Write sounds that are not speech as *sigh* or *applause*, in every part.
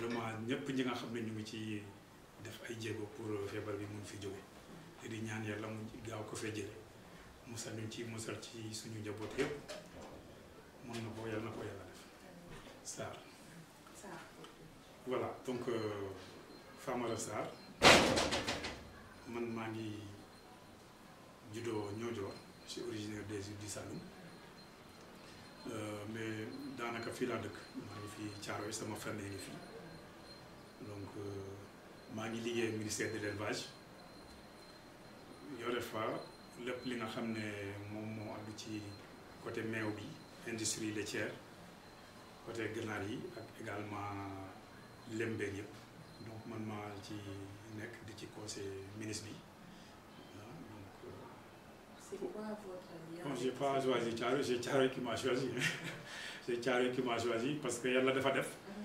vraiment ñëpp ñi nga xam ne ñu ngi ci def ay jéego pour feebar bi mun fi jóge te di ñaan yàlla mu gaaw ko fee jële musal ñu ci musal ci suñu njaboot yëpp mën na ko yàlla na ko yàlla def Sarr voilà donc euh, Famara sar man maa ngi juddoo Niodior je suis originaire des îles du Saloum euh, mais daanaka fii laa dëkk maa ngi fii Thiaroye sama fenn ngi fii donc euh, maa ngi au ministère de l'élevage il y a côté industrie laitière côté de également de donc je suis conseil ministre euh, c'est quoi votre lien? je n'ai pas choisi c'est Charo qui m'a choisi *laughs* c'est qui m'a choisi parce que a dafa def. Mhm.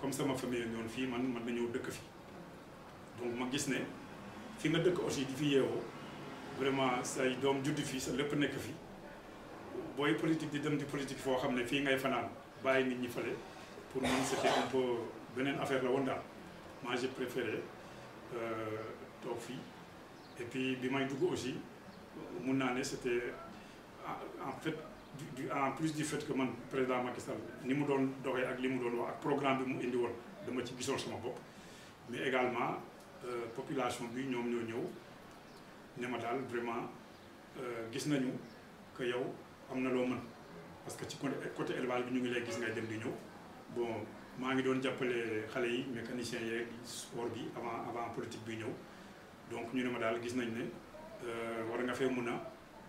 comme m'a famille la ñoon fii man man na dëkk fi donc ma gis né, fi nga dëkk aussi fi vraiment ça doom juddi fii sa lépp nekk fi politique di dem di politique fo xamné fi ngay fanaan baye nit ñi falé pour man c'était un peu benen affaire la woon ma j'ai préféré euh, toog fi et puis bi may dugg aussi mu nané c'était ah, en fait en plus du fait que man président Macky Sall ni mu doon doxee ak li mu doon wax ak programme bi mu indi woon dama ci gisoon sama bopp mais également euh, population bi ñom ñoo ñew ne ma daal vraiment euh, gis nañu que yow amna lo loo mën parce que ci côté élevage bi ñu ngi lay gis ngay dem di ñew bon ma ngi doon jappelé xalé yi mécanicien yeeg sport bi avant avant politique bi ñew donc ñu ne ma daal gis nañ né euh, war nga fay mëna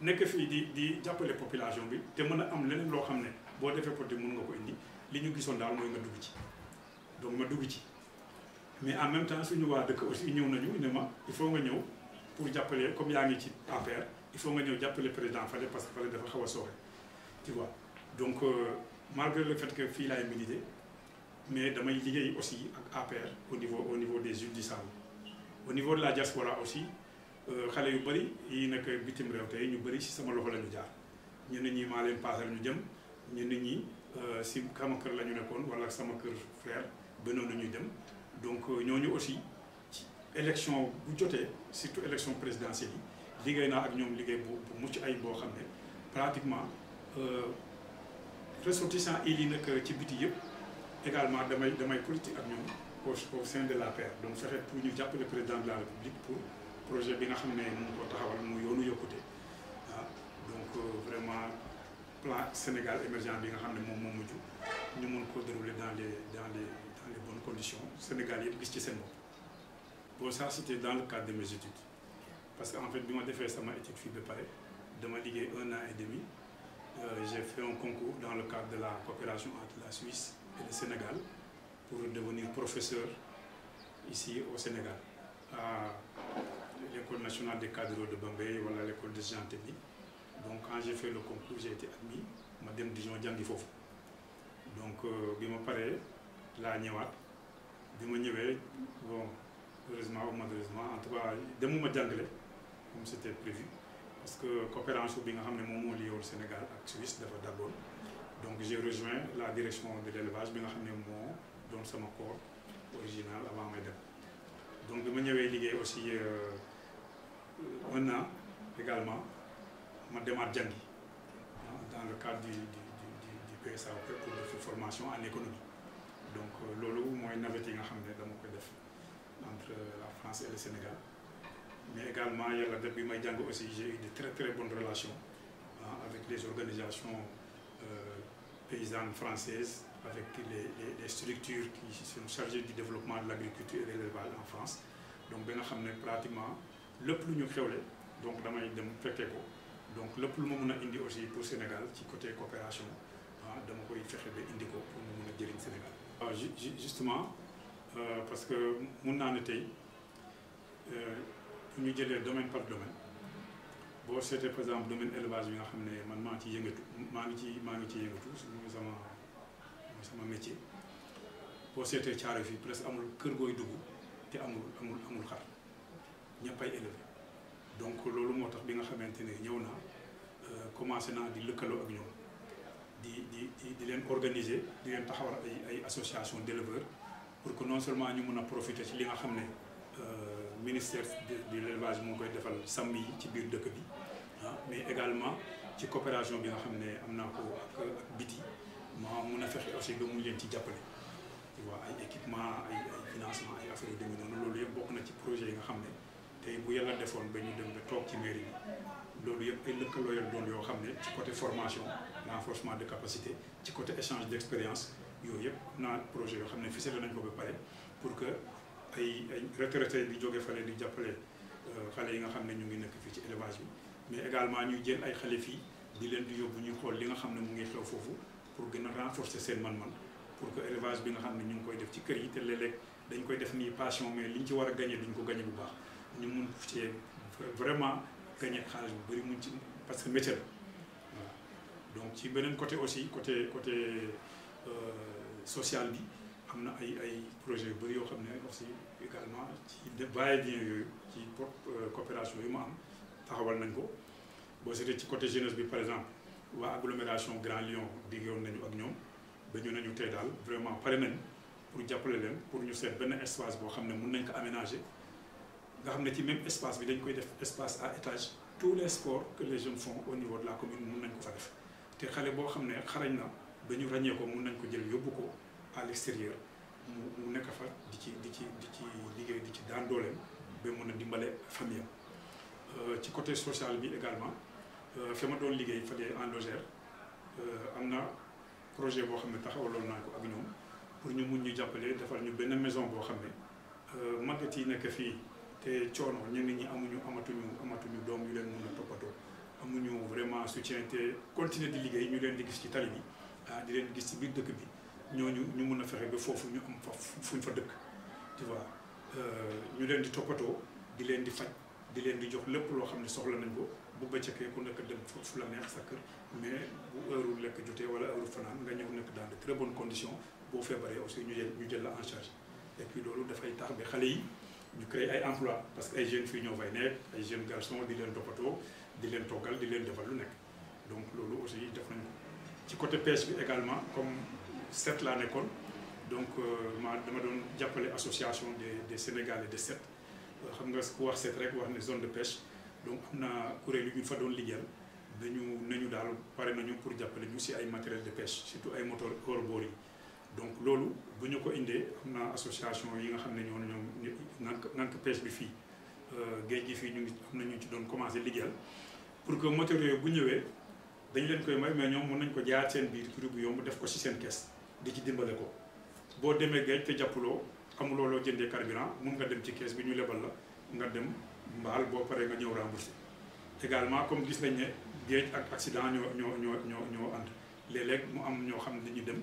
nekk fi di di jappelé population bi té mëna am lénen lo xamné bo défé defee produit mën nga ko indi li ñu gisoon daal mooy nga dugg ci donc ma dugg ci mais en même temps suñu wa dëkk aussi ñëw nañu ne ma il faut nga ñëw pour jappelé comme yaa ngi ci APR il faut nga ñëw jappelé président Fallé parce que Fallé dafa xawa a tu vois donc euh, malgré le fait que fi laay milité mais damay liggéey aussi ak APR au niveau au niveau des îles du Saloum au niveau de la diaspora aussi euh, xale yu bari yi nag bitim réew tey ñu bari si sama loxo la ñu jaar ñenn ñi maa leen paasal ñu jëm ñenn ñi euh, si sama kër la ñu nekkoon wala sama kër frère benoon nañu dem donc euh, ñooñu aussi ci élection bu jotee surtout élection présidentielle yi liggéey naa ak ñoom liggéey bu bu mucc ay boo xam ne pratiquement ressortissant il yi nag ci biti yëpp également damay damay politique ak ñoom au au sein de la l'APR donc fexe pour ñu jàppale président de la république pour projet que nous avons ne nous pour y donc euh, vraiment plan Sénégal émergent bi nga mon mon moom nous dérouler dans les dans les dans les bonnes conditions Sénégalais. puisque c'est ci Pour ça c'était dans le cadre de mes études parce que en fait bi ma sama étude fii de pare dama un an et demi euh, j'ai fait un concours dans le cadre de la coopération entre la Suisse et le Sénégal pour devenir professeur ici au Sénégal. Ah, l'école nationale des cadres de Bombay voilà l'école de Donc quand j'ai fait le concours, j'ai été admis, madame Dijon Donc, je me je me bon, heureusement ou malheureusement, en tout cas, je me comme c'était prévu, parce que la coopération, je suis au Sénégal, à d'abord. Donc, j'ai rejoint la direction de l'élevage, je suis mon corps original avant mes Donc, je me suis aussi. Euh, un an également ma démarre ah, dans le cadre du du pour formation en économie donc euh, lolo moi navette nga ne dama entre la France et le Sénégal mais également aussi j'ai eu de très très bonnes relations ah, avec les organisations euh, paysannes françaises avec les structures qui sont chargées du développement de l'agriculture et de l'élevage en France donc j'ai pratiquement lepp lu ñu xewle donc damay dem fekkee ko donc lepp lu ma mën a indi aussi pour Sénégal ci côté coopération ah dama koy fexé ba indi ko pour mu mën jëriñ Sénégal. Ah, justement euh, parce que mun naa ne tey euh, ñu jëlee domaine par domaine boo seetee par exemple domaine élevage bi nga xam ne man maa ci yëngatu maa ngi ci maa ngi ci yëngatu mooy sama mooy sama métier boo seetee caare fi presque amul kër gooy dugg te amul amul amul xar ñëpp ay élevé donc lolu motax bi nga xamante ñewna ñëw naa euh, commencé naa di lëkkaloo ak ñom di di di len organiser di len taxawar ay ay association d'éleveurs pour que non seulement ñu mëna a profiter ci li nga xamné euh ministère de l'élevage mo koy défal sammi ci biir dëkk bi ah, mais également ci coopération bi nga xamné amna ko ak biti ma mëna a aussi ba mu leen ci jappalé tu vois ay équipement ay financement ay affaires de demee noonu loolu yëpp bokk na ci projet yi nga xamné tey bu yàlla defoon ba ñu dem ba toog ci mairie bi loolu yëpp ay lëkkaloo yor doon yoo xam ne ci côté formation renforcement de capacité ci côté échange d'expérience yooyu yëpp naa projet yoo xam ne ficelé nañ ko ba pare pour que ay ay retraité di jóge fale di jàppale euh, xale yi nga xam ne ñu ngi nekk fii ci élevage bi mais également ñuy jël ay xale fii di leen di yóbbu ñuy xool li nga xam ne mu ngi xew foofu pour gën a renforcer seen man-man pour que élevage bi nga xam ne ñu ngi koy def ci kër yi te léeg-léeg dañ koy def nii passion mais liñ ci war a gagné duñ ko gagné bu baax nous vraiment gagné parce que métier donc côté aussi côté côté euh, social bi amna ay ay projet aussi également ci va euh, coopération yu am côté jeunesse par exemple agglomération Grand Lyon nañu vraiment pour jappalé pour espace aménager nga xam ne ci même espace bi dañ koy def espace à étage tous les sports que les jeunes font au niveau de la commune mun nañ ko fa def te xale boo xam ne xarañ na ba ñu ràññee ko mun nañ ko jël yóbbu ko à l'extérieur mu mu nekk fa di ci di ci di ci liggéey di ci daan dooleem ba mun a dimbale famille am euh, ci côté social bi également euh, fi ma doon liggéey fa dee en logère euh, am na projet boo xam ne taxawaloon naa ko ak ñoom pour ñu mun ñu jàppale defal ñu benn maison boo xam ne màggat yi nekk fii te coono ñenn ñi amuñu amatuñu amatuñu doom yu leen mëna topato amuñu vraiment soutien te continuer di liggéey ñu leen di gis ci tali bi ah, di leen gis ci biir dëkk bi ñooñu ñu mëna fexé ba fofu ñu am fa fuñ fa dëkk tu vois euh, ñu leen di topato di leen di faj di leen di jox lépp loo xam ne soxla nañ ko bu bëccëgee ku nekk dem fu la neex sa kër mais bu heure lekk jotee wala heure fanaan nga ñëw nekk dans de très bonnes conditions boo feebaree aussi ñu jël ñu jël la en charge et puis loolu dafay tax ba xale yi ñu créer des emploi parce que les jeunes filles jeunes garçons di di de di sont donc c'est aussi def nañ fait. côté pêche également comme là donc euh, association des Sénégalais de cette, euh, xam zone de pêche donc on a couru une fois dans pour matériel de pêche surtout des moteur hors donc loolu bu ko indee am na association yi nga xam ne ñoom ñoom nank nank pêche bi fii euh, géej gi fii ñu ngi am na ñu ci doon commencé liggéeyal pour que matériaux bu ñëwee dañ leen koy may mais ñoom mën nañ ko jaar seen biir prix bu yomb def ko ci seen kees di ci dimbale ko boo demee géej te jàppuloo amuloo loo jëndee carburant mun nga dem ci kees bi ñu lebal la nga dem mbaal boo paree nga ñëw remboursé également comme gis nañ ne géej ak accident ñoo ñoo ñoo ñoo ñoo ànd mu am ñoo xam ne dem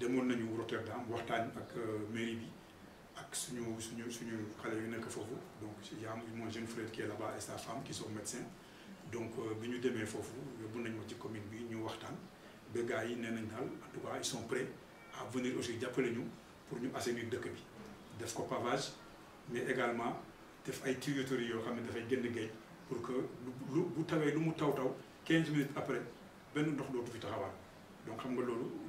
demoon nañu Rotterdam waxtaan ak euh, mairie bi ak suñu suñu suñu xalé yu nekk fofu donc y a mo jeune frère qui est là-bas et sa femme qui sont médecins donc euh, biñu ñu fofu yobbu yóbbu nañ ma ci commune bi ñu waxtaan ba gaay yi nee dal en tout cas ils sont prêts à venir aussi jàppale ñu pour ñu assainir dëkk bi def ko pavage mais également def ay tuyauterie yo xamné da fay génn géej pour que bu tawé lu mu taw taw 15 minutes après ben ndox dootu fi taxawaat donc xam nga loolu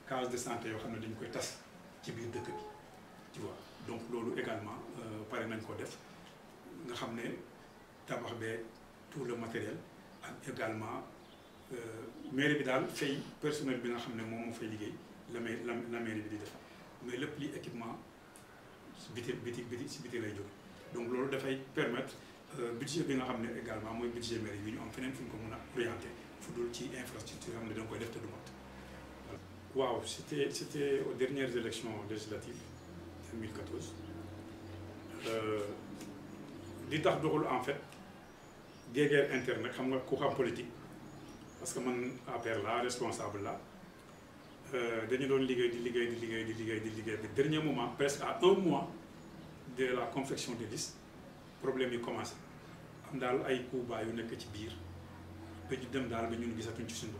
de santé yoo dañ koy tas ci biir bi tu vois donc également euh, par nañ ko def nga tout le matériel également euh, mairie bi personnel bi nga la mais le li équipement c'est lay donc loolu dafay permettre euh, budget également budget mairie ñu am orienté fu dul ci infrastructure Waouh, c'était aux dernières élections législatives, 2014. Euh, li tax doxul en fait guerre interne xam nga ku xam politique parce que mon appel là, responsable là. Euh, dañu doon liggéey di ligue, di ligue, di ligue, di dernier moment presque à un mois de la confection des listes problème a commencé am daal ay coups bas yu nekk ci biir ba ñu dem daal ba ñun gisatuñ ci suñu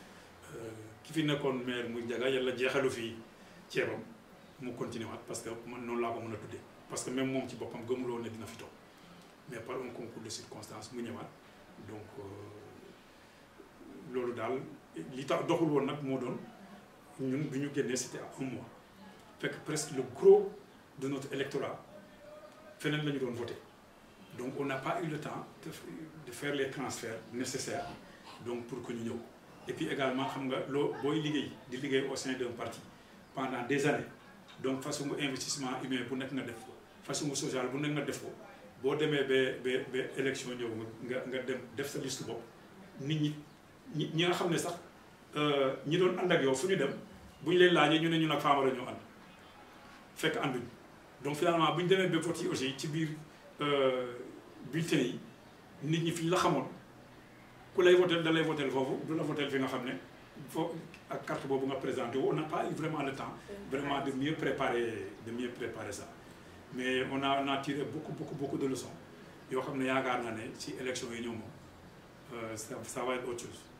ki fi nekkoon maire muy jaga yàlla jeexalu fi ceebam mu continue parce que non là, laa ko mën a parce que même moom ci boppam gëmuloo ne dina fi toog mais par un concours de circonstances mu ñëwaat donc euh, loolu dal li tax doxul woon nag moo don ñun bu ñu génnee c'était à un mois que presque le gros de notre électorat feneen la ñu voter voté donc on n'a pas eu le temps de faire les transferts nécessaires donc pour que ñu et puis également xam nga lo boy liguey, di liguey au sein d'un parti pendant des années donc façon investissement humain bu nek nga def ko façon social bu nek nga def ko Bo démé bé bé ba élection ñëw nga nga dem def sa liste bopp nit ñi ñi nga xamné sax euh ñi doon ànd ak yow fuñu dem bu leen lañé ñu né ñu nak Famara ñoo and. fekk ànduñ donc finalement bu démé bé ba vote aussi ci biir euh, bulletin yi nit ñi fi la xamone ku lay votel voter, lay votel foofu du la votel fi nga xam ne foo ak carte boobu nga présenté on n'a pas vraiment le temps vraiment de mieux préparer de mieux préparer ça mais on a on a tiré beaucoup beaucoup beaucoup de leçons yoo xam ne yaakaar naa ne ci élection yi ñëw moom euh, ça va être autre chose